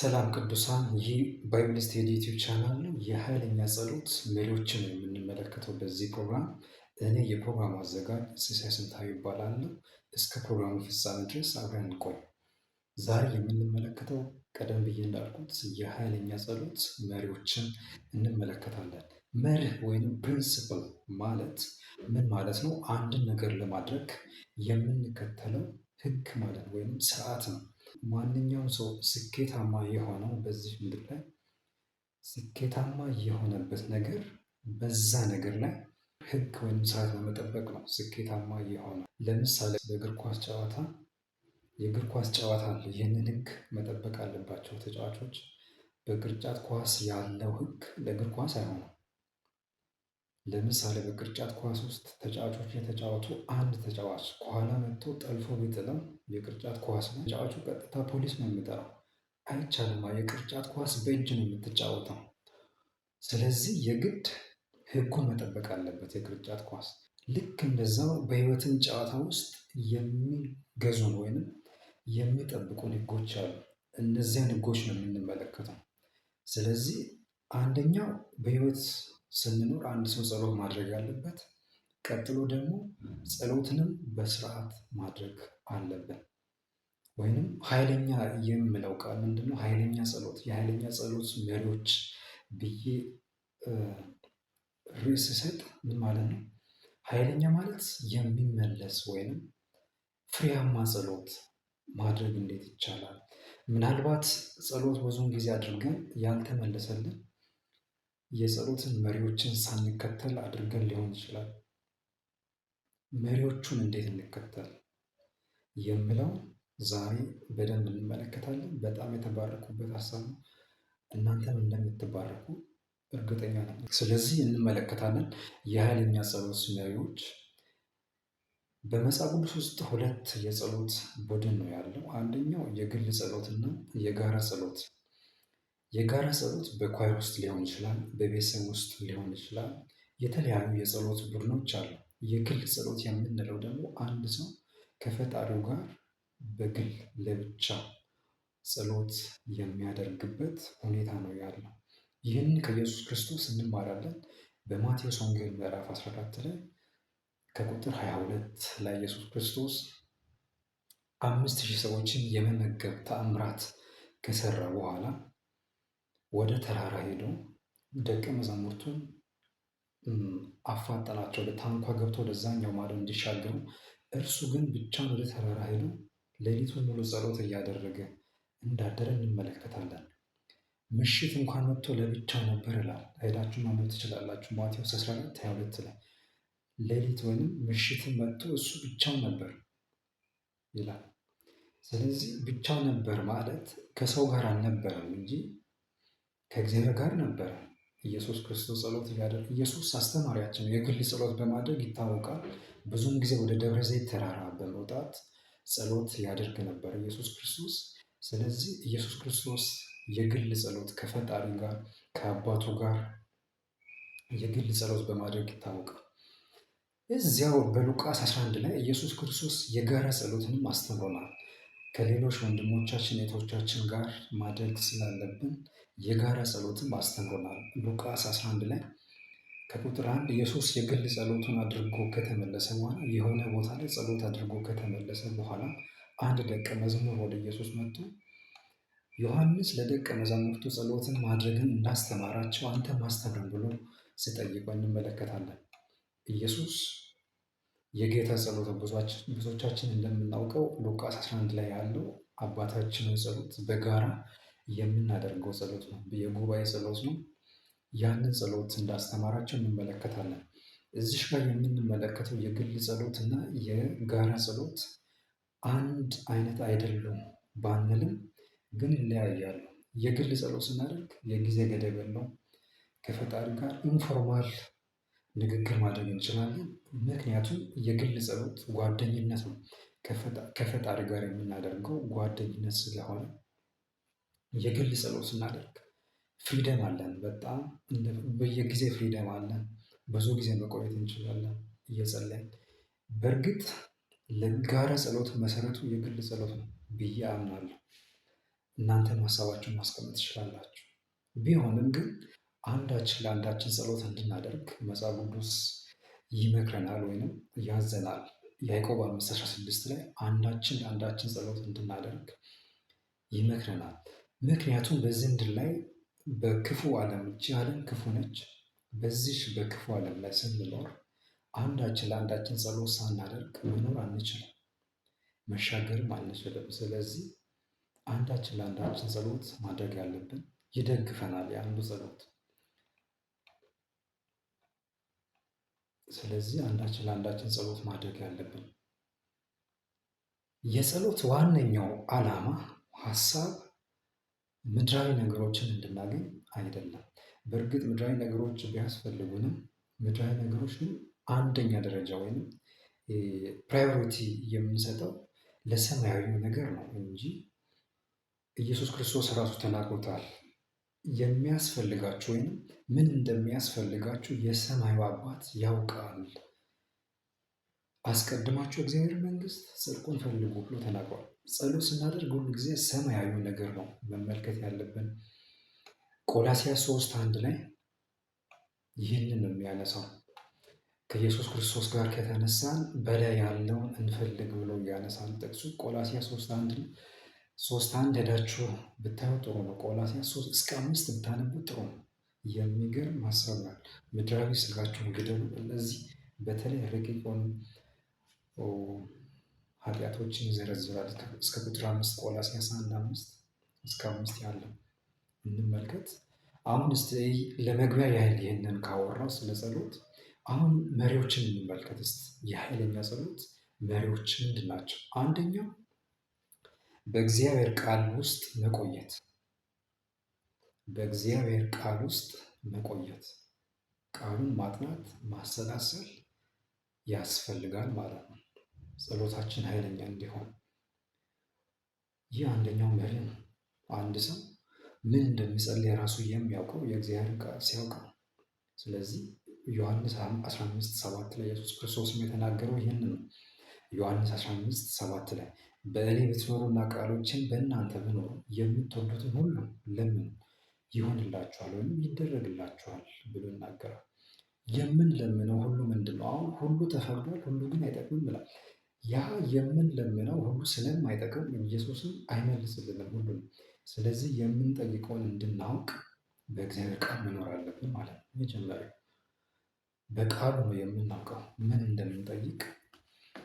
ሰላም ቅዱሳን፣ ይህ ባይብል ስቴዲ ዩቲዩብ ቻናል ነው። የኃይለኛ ጸሎት መሪዎችን የምንመለከተው በዚህ ፕሮግራም። እኔ የፕሮግራሙ አዘጋጅ ሲሳይ ስንታየው ይባላለሁ። እስከ ፕሮግራሙ ፍጻሜ ድረስ አብረን እንቆይ። ዛሬ የምንመለከተው ቀደም ብዬ እንዳልኩት የኃይለኛ ጸሎት መሪዎችን እንመለከታለን። መርህ ወይም ፕሪንስፕል ማለት ምን ማለት ነው? አንድን ነገር ለማድረግ የምንከተለው ህግ ማለት ወይም ስርዓት ነው። ማንኛውም ሰው ስኬታማ የሆነው በዚህ ምድር ላይ ስኬታማ የሆነበት ነገር በዛ ነገር ላይ ህግ ወይም ስርዓት በመጠበቅ ነው ስኬታማ የሆነው። ለምሳሌ በእግር ኳስ ጨዋታ የእግር ኳስ ጨዋታ አለ። ይህንን ህግ መጠበቅ አለባቸው ተጫዋቾች። በቅርጫት ኳስ ያለው ህግ ለእግር ኳስ አይሆንም። ለምሳሌ በቅርጫት ኳስ ውስጥ ተጫዋቾች የተጫወቱ አንድ ተጫዋች ከኋላ መጥቶ ጠልፎ ቢጥለው የቅርጫት ኳስ ነው። ተጫዋቹ ቀጥታ ፖሊስ ነው የሚጠራው። አይቻልም። የቅርጫት ኳስ በእጅ ነው የምትጫወተው። ስለዚህ የግድ ሕጉ መጠበቅ አለበት። የቅርጫት ኳስ ልክ እንደዛው በህይወትን ጨዋታ ውስጥ የሚገዙን ወይንም የሚጠብቁን ህጎች አሉ። እነዚያን ህጎች ነው የምንመለከተው። ስለዚህ አንደኛው በህይወት ስንኖር አንድ ሰው ጸሎት ማድረግ አለበት። ቀጥሎ ደግሞ ጸሎትንም በስርዓት ማድረግ አለብን። ወይንም ኃይለኛ የምለው ቃል ምንድነው? ኃይለኛ ጸሎት የኃይለኛ ጸሎት መሪዎች ብዬ ርዕስ ሰጥ ምን ማለት ነው? ኃይለኛ ማለት የሚመለስ ወይንም ፍሬያማ ጸሎት ማድረግ እንዴት ይቻላል? ምናልባት ጸሎት ብዙውን ጊዜ አድርገን ያልተመለሰልን የጸሎትን መሪዎችን ሳንከተል አድርገን ሊሆን ይችላል። መሪዎቹን እንዴት እንከተል የምለው ዛሬ በደንብ እንመለከታለን። በጣም የተባረኩበት ሀሳብ ነው። እናንተም እንደምትባረኩ እርግጠኛ ነኝ። ስለዚህ እንመለከታለን። የኃይለኛ ጸሎት መሪዎች በመጽሐፍ ቅዱስ ውስጥ ሁለት የጸሎት ቡድን ነው ያለው። አንደኛው የግል ጸሎትና የጋራ ጸሎት የጋራ ጸሎት በኳይር ውስጥ ሊሆን ይችላል፣ በቤተሰብ ውስጥ ሊሆን ይችላል። የተለያዩ የጸሎት ቡድኖች አሉ። የግል ጸሎት የምንለው ደግሞ አንድ ሰው ከፈጣሪው ጋር በግል ለብቻ ጸሎት የሚያደርግበት ሁኔታ ነው ያለው። ይህን ከኢየሱስ ክርስቶስ እንማራለን። በማቴዎስ ወንጌል ምዕራፍ 14 ላይ ከቁጥር 22 ላይ ኢየሱስ ክርስቶስ አምስት ሺህ ሰዎችን የመመገብ ተአምራት ከሰራ በኋላ ወደ ተራራ ሄዶ ደቀ መዛሙርቱን አፋጠናቸው። በታንኳ ገብቶ ወደዛኛው ማዶ እንዲሻገሩ፣ እርሱ ግን ብቻውን ወደ ተራራ ሄዶ ሌሊቱን ሙሉ ጸሎት እያደረገ እንዳደረ እንመለከታለን። ምሽት እንኳን መጥቶ ለብቻው ነበር ይላል። ሄዳችሁ ማመት ትችላላችሁ። ማቴዎስ 14 22 ላይ ሌሊት ወይም ምሽትን መጥቶ እሱ ብቻው ነበር ይላል። ስለዚህ ብቻው ነበር ማለት ከሰው ጋር አልነበረም እንጂ ከእግዚአብሔር ጋር ነበረ። ኢየሱስ ክርስቶስ ጸሎት እያደረገ ኢየሱስ አስተማሪያችን የግል ጸሎት በማድረግ ይታወቃል። ብዙም ጊዜ ወደ ደብረ ዘይት ተራራ በመውጣት ጸሎት ያደርግ ነበር ኢየሱስ ክርስቶስ። ስለዚህ ኢየሱስ ክርስቶስ የግል ጸሎት ከፈጣሪ ጋር ከአባቱ ጋር የግል ጸሎት በማድረግ ይታወቃል። እዚያው በሉቃስ 11 ላይ ኢየሱስ ክርስቶስ የጋራ ጸሎትንም አስተምሮናል። ከሌሎች ወንድሞቻችን እህቶቻችን ጋር ማድረግ ስላለብን የጋራ ጸሎትም አስተምሮናል። ሉቃስ 11 ላይ ከቁጥር አንድ ኢየሱስ የግል ጸሎቱን አድርጎ ከተመለሰ በኋላ የሆነ ቦታ ላይ ጸሎት አድርጎ ከተመለሰ በኋላ አንድ ደቀ መዝሙር ወደ ኢየሱስ መጥቶ ዮሐንስ ለደቀ መዛሙርቱ ጸሎትን ማድረግን እንዳስተማራቸው አንተ ማስተምረን ብሎ ሲጠይቀው እንመለከታለን። ኢየሱስ የጌታ ጸሎት ብዙዎቻችን እንደምናውቀው ሉቃስ 11 ላይ ያለው አባታችንን ጸሎት በጋራ የምናደርገው ጸሎት ነው፣ የጉባኤ ጸሎት ነው። ያንን ጸሎት እንዳስተማራቸው እንመለከታለን። እዚሽ ጋር የምንመለከተው የግል ጸሎት እና የጋራ ጸሎት አንድ አይነት አይደሉም ባንልም ግን ይለያያሉ። የግል ጸሎት ስናደርግ የጊዜ ገደብ ነው። ከፈጣሪ ጋር ኢንፎርማል ንግግር ማድረግ እንችላለን። ምክንያቱም የግል ጸሎት ጓደኝነት ነው፣ ከፈጣሪ ጋር የምናደርገው ጓደኝነት ስለሆነ የግል ጸሎት ስናደርግ ፍሪደም አለን። በጣም በየጊዜ ፍሪደም አለን። ብዙ ጊዜ መቆየት እንችላለን እየጸለይን። በእርግጥ ለጋራ ጸሎት መሰረቱ የግል ጸሎት ነው ብዬ አምናለሁ። እናንተም ሀሳባችሁን ማስቀመጥ ትችላላችሁ። ቢሆንም ግን አንዳችን ለአንዳችን ጸሎት እንድናደርግ መጽሐፍ ቅዱስ ይመክረናል ወይንም ያዘናል። ያዕቆብ አምስት አስራ ስድስት ላይ አንዳችን ለአንዳችን ጸሎት እንድናደርግ ይመክረናል። ምክንያቱም በዚህ ምድር ላይ በክፉ ዓለም እጅ ዓለም ክፉ ነች። በዚህ በክፉ ዓለም ላይ ስንኖር አንዳችን ለአንዳችን ጸሎት ሳናደርግ መኖር አንችልም፣ መሻገርም አንችልም። ስለዚህ አንዳችን ለአንዳችን ጸሎት ማድረግ ያለብን ይደግፈናል የአንዱ ጸሎት። ስለዚህ አንዳችን ለአንዳችን ጸሎት ማድረግ ያለብን የጸሎት ዋነኛው ዓላማ ሀሳብ ምድራዊ ነገሮችን እንድናገኝ አይደለም። በእርግጥ ምድራዊ ነገሮች ቢያስፈልጉንም ምድራዊ ነገሮች ግን አንደኛ ደረጃ ወይም ፕራዮሪቲ የምንሰጠው ለሰማያዊ ነገር ነው እንጂ ኢየሱስ ክርስቶስ ራሱ ተናግሮታል። የሚያስፈልጋችሁ ወይም ምን እንደሚያስፈልጋችሁ የሰማዩ አባት ያውቃል። አስቀድማችሁ እግዚአብሔር መንግስት ጽድቁን ፈልጉ ብሎ ተናግሯል። ጸሎት ስናደርግ ሁሉ ጊዜ ሰማያዊ ነገር ነው መመልከት ያለብን። ቆላሲያስ ሶስት አንድ ላይ ይህንን ነው የሚያነሳው። ከኢየሱስ ክርስቶስ ጋር ከተነሳን በላይ ያለውን እንፈልግ ብሎ ያነሳል ጥቅሱ። ቆላሲያ ሶስት አንድ ነው። ሶስት አንድ ሄዳችሁ ብታዩ ጥሩ ነው። ቆላሲያ ሶስት እስከ አምስት ብታነቡ ጥሩ ነው። የሚገርም ሀሳብ ናል። ምድራዊ ስጋችሁን ግደሉ። እነዚህ በተለይ ረቂቁን ኃጢአቶችን ይዘረዝራል። እስከ ቁጥር አምስት ቆላስይስ አንድ አምስት እስከ አምስት ያለው እንመልከት። አሁን እስቲ ለመግቢያ ያህል ይህንን ካወራው ስለ ጸሎት አሁን መሪዎችን እንመልከት እስቲ። የኃይለኛ ጸሎት መሪዎች ምንድን ናቸው? አንደኛው በእግዚአብሔር ቃል ውስጥ መቆየት፣ በእግዚአብሔር ቃል ውስጥ መቆየት፣ ቃሉን ማጥናት፣ ማሰላሰል ያስፈልጋል ማለት ነው። ጸሎታችን ኃይለኛ እንዲሆን ይህ አንደኛው መሪ ነው። አንድ ሰው ምን እንደሚጸልይ ራሱ የሚያውቀው የእግዚአብሔር ቃል ሲያውቅ ነው። ስለዚህ ዮሐንስ 15 7 ላይ ኢየሱስ ክርስቶስም የተናገረው ይህን ነው። ዮሐንስ 15 7 ላይ በእኔ ብትኖሩና ቃሎችን በእናንተ ብኖሩ የምትወዱትን ሁሉ ለምኑ ይሆንላችኋል ወይም ይደረግላችኋል ብሎ ይናገራል። የምንለምነው ሁሉ ምንድነው? አሁን ሁሉ ተፈርዷል፣ ሁሉ ግን አይጠቅምም ይላል። ያ የምንለምነው ሁሉ ስለማይጠቅም ኢየሱስም አይመልስልንም ሁሉም። ስለዚህ የምንጠይቀውን እንድናውቅ በእግዚአብሔር ቃል መኖር አለብን ማለት ነው። መጀመሪያ በቃሉ ነው የምናውቀው ምን እንደምንጠይቅ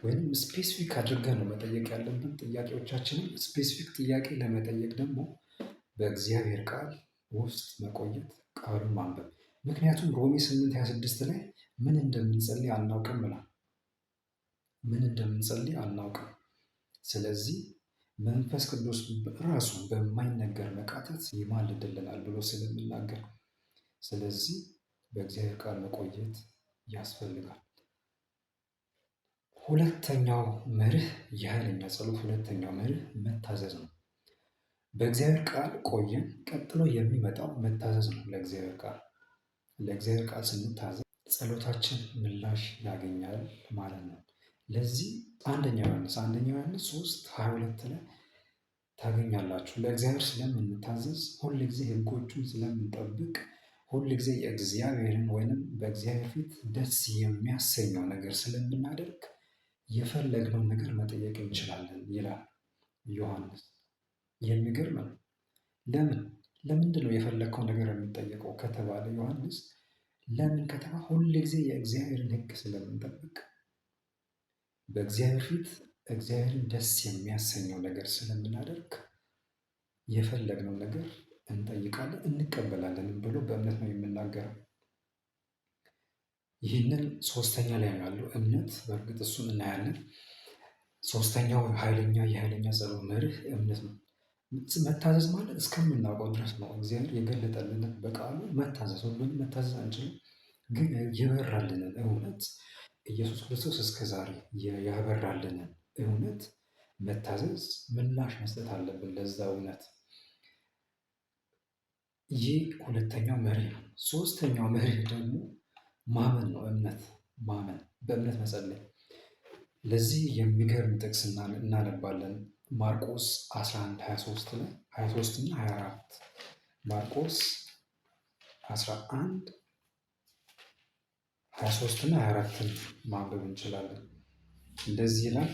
ወይም ስፔሲፊክ አድርገን ነው መጠየቅ ያለብን ጥያቄዎቻችንን። ስፔሲፊክ ጥያቄ ለመጠየቅ ደግሞ በእግዚአብሔር ቃል ውስጥ መቆየት፣ ቃሉን ማንበብ ምክንያቱም ሮሜ 8 26 ላይ ምን እንደምንጸልይ አናውቅም ብላል። ምን እንደምንጸልይ አናውቅም። ስለዚህ መንፈስ ቅዱስ ራሱ በማይነገር መቃተት ይማልድልናል ብሎ ስለሚናገር፣ ስለዚህ በእግዚአብሔር ቃል መቆየት ያስፈልጋል። ሁለተኛው መርህ የኃይለኛ ጸሎት ሁለተኛው መርህ መታዘዝ ነው። በእግዚአብሔር ቃል ቆየን፣ ቀጥሎ የሚመጣው መታዘዝ ነው ለእግዚአብሔር ቃል ለእግዚአብሔር ቃል ስንታዘዝ ጸሎታችን ምላሽ ያገኛል ማለት ነው። ለዚህ አንደኛ ዮሐንስ አንደኛ ዮሐንስ ሶስት ሀያ ሁለት ላይ ታገኛላችሁ። ለእግዚአብሔር ስለምንታዘዝ ሁል ጊዜ ህጎቹን ስለምንጠብቅ ሁል ጊዜ የእግዚአብሔርን ወይንም በእግዚአብሔር ፊት ደስ የሚያሰኘው ነገር ስለምናደርግ የፈለግነውን ነገር መጠየቅ እንችላለን ይላል ዮሐንስ። የሚገርም ነው። ለምን ለምንድነው የፈለግከው ነገር የምንጠየቀው ከተባለ ዮሐንስ ለምን ከተማ ሁል ጊዜ የእግዚአብሔርን ሕግ ስለምንጠብቅ በእግዚአብሔር ፊት እግዚአብሔርን ደስ የሚያሰኘው ነገር ስለምናደርግ የፈለግነው ነገር እንጠይቃለን እንቀበላለንም ብሎ በእምነት ነው የምናገረው። ይህንን ሶስተኛ ላይ ያለው እምነት። በእርግጥ እሱን እናያለን። ሶስተኛው ኃይለኛ የኃይለኛ ጸሎት መርህ እምነት ነው። መታዘዝ ማለት እስከምናውቀው ድረስ ነው እግዚአብሔር የገለጠልንን በቃሉ መታዘዝ ሁሉንም መታዘዝ አንችልም። ግን የበራልንን እውነት ኢየሱስ ክርስቶስ እስከዛሬ ያበራልንን እውነት መታዘዝ ምላሽ መስጠት አለብን ለዛ እውነት። ይህ ሁለተኛው መሪ ነው። ሶስተኛው መሪ ደግሞ ማመን ነው። እምነት ማመን፣ በእምነት መጸለይ። ለዚህ የሚገርም ጥቅስ እናነባለን። ማርቆስ 11 23 ላይ 23 እና 24 ማርቆስ 11 23 እና 24 ማንበብ እንችላለን። እንደዚህ ይላል።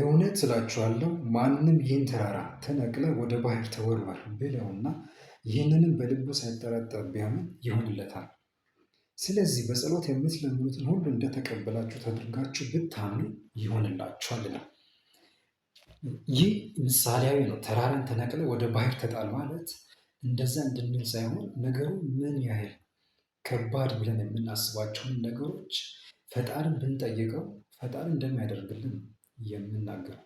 እውነት ስላችኋለሁ ማንም ይህን ተራራ ተነቅለ ወደ ባህር ተወርወር ብለውና ይህንንም በልቡ ሳይጠረጠር ቢያምን ይሆንለታል። ስለዚህ በጸሎት የምትለምኑትን ሁሉ እንደተቀበላችሁ ተደርጋችሁ ብታምኑ ይሆንላችኋል ነው። ይህ ምሳሌያዊ ነው። ተራራን ተነቅለ ወደ ባህር ተጣል ማለት እንደዛ እንድንል ሳይሆን ነገሩ ምን ያህል ከባድ ብለን የምናስባቸውን ነገሮች ፈጣሪን ብንጠይቀው ፈጣሪ እንደሚያደርግልን የምናገረው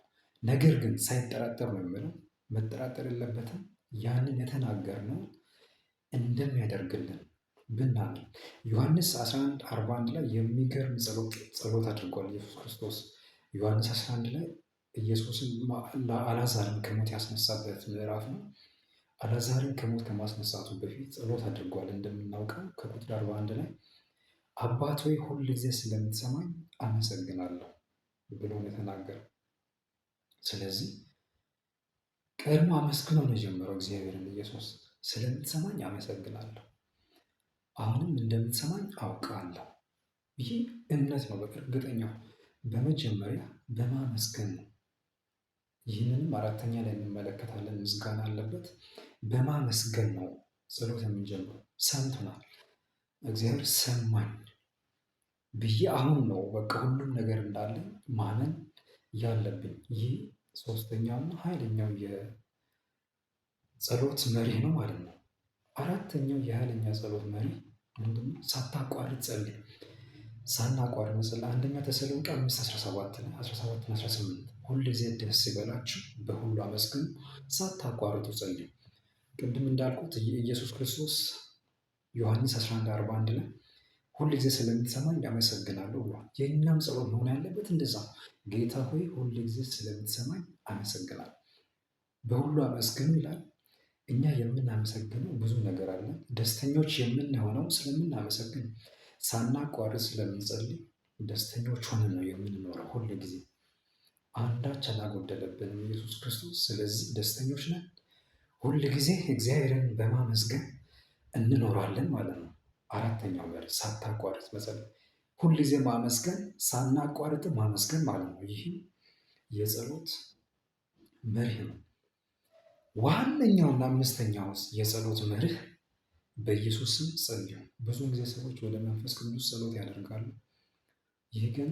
ነገር ግን ሳይጠራጠር ነው የምለው። መጠራጠር የለበትም። ያንን የተናገርነው እንደሚያደርግልን ብናምን ዮሐንስ 11 41 ላይ የሚገርም ጸሎት አድርጓል ኢየሱስ ክርስቶስ። ዮሐንስ 11 ላይ ኢየሱስን አላዛርን ከሞት ያስነሳበት ምዕራፍ ነው። አላዛርን ከሞት ከማስነሳቱ በፊት ጸሎት አድርጓል። እንደምናውቀው ከቁጥር 41 ላይ አባት ሆይ ሁል ጊዜ ስለምትሰማኝ አመሰግናለሁ ብሎ ነው የተናገረው። ስለዚህ ቀድሞ አመስግኖ ነው የጀመረው እግዚአብሔርን። ኢየሱስ ስለምትሰማኝ አመሰግናለሁ አሁንም እንደምትሰማኝ አውቃለሁ ይህ እምነት ነው። በቃ እርግጠኛው በመጀመሪያ በማመስገን ነው። ይህንንም አራተኛ ላይ እንመለከታለን። ምስጋና አለበት። በማመስገን ነው ጸሎት የምንጀምረው። ሰምተናል፣ እግዚአብሔር ሰማኝ ብዬ አሁን ነው በቃ ሁሉም ነገር እንዳለ ማመን ያለብኝ። ይህ ሶስተኛውና ኃይለኛው የጸሎት መሪ ነው ማለት ነው። አራተኛው የኃይለኛ ጸሎት መሪ ምንድነው? ሳታቋርጥ ጸልይ። ሳናቋርጥ መጸለይ አንደኛ ተሰሎንቄ አምስት አስራ ሰባት ነው አስራ ሰባት አስራ ስምንት ሁልጊዜ ደስ ይበላችሁ፣ በሁሉ አመስግኑ፣ ሳታቋርጡ ጸልዩ። ቅድም እንዳልኩት ኢየሱስ ክርስቶስ ዮሐንስ 11 41 ላይ ሁልጊዜ ስለምትሰማኝ አመሰግናለሁ ብሏል። የእኛም ጸሎት መሆን ያለበት እንደዛ ጌታ ሆይ ሁልጊዜ ስለምትሰማኝ አመሰግናለሁ፣ በሁሉ አመስግኑ ይላል። እኛ የምናመሰግነው ብዙ ነገር አለ። ደስተኞች የምንሆነው ስለምናመሰግን ሳናቋርጥ ስለምንጸልይ ደስተኞች ሆነን ነው የምንኖረው ሁል ጊዜ። አንዳች አላጎደለብንም ኢየሱስ ክርስቶስ። ስለዚህ ደስተኞች ነን። ሁል ጊዜ እግዚአብሔርን በማመስገን እንኖራለን ማለት ነው። አራተኛው ጋር ሳታቋርጥ መጸለይ፣ ሁል ጊዜ ማመስገን፣ ሳናቋርጥ ማመስገን ማለት ነው። ይህም የጸሎት መርህ ነው። ዋነኛውና አምስተኛው የጸሎት መርህ በኢየሱስ ስም ጸልዩ። ብዙ ጊዜ ሰዎች ወደ መንፈስ ቅዱስ ጸሎት ያደርጋሉ። ይህ ግን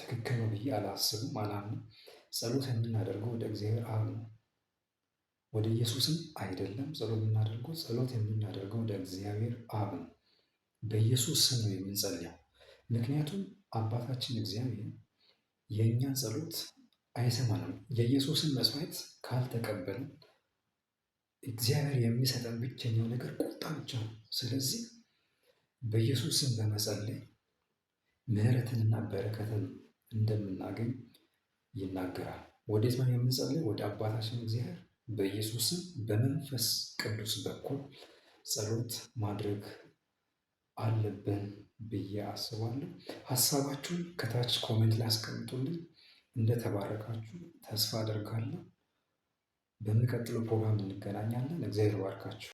ትክክል ነው ብዬ አላስብም፣ አላምንም። ጸሎት የምናደርገው ወደ እግዚአብሔር አብ ነው፣ ወደ ኢየሱስም አይደለም። ጸሎት የምናደርገው ጸሎት የምናደርገው ወደ እግዚአብሔር አብ ነው። በኢየሱስ ስም ነው የምንጸልየው። ምክንያቱም አባታችን እግዚአብሔር የእኛን ጸሎት አይሰማንም። የኢየሱስን መስዋዕት ካልተቀበልን እግዚአብሔር የሚሰጠን ብቸኛው ነገር ቁጣ ብቻ ነው። ስለዚህ በኢየሱስን በመጸለይ ምሕረትንና በረከትን እንደምናገኝ ይናገራል። ወዴት ነው የምንጸልይ? ወደ አባታችን እግዚአብሔር በኢየሱስም በመንፈስ ቅዱስ በኩል ጸሎት ማድረግ አለብን ብዬ አስባለሁ። ሀሳባችሁን ከታች ኮሜንት ላይ አስቀምጡልኝ። እንደተባረካችሁ ተስፋ አደርጋለሁ። በሚቀጥለው ፕሮግራም እንገናኛለን። እግዚአብሔር ባርካችሁ።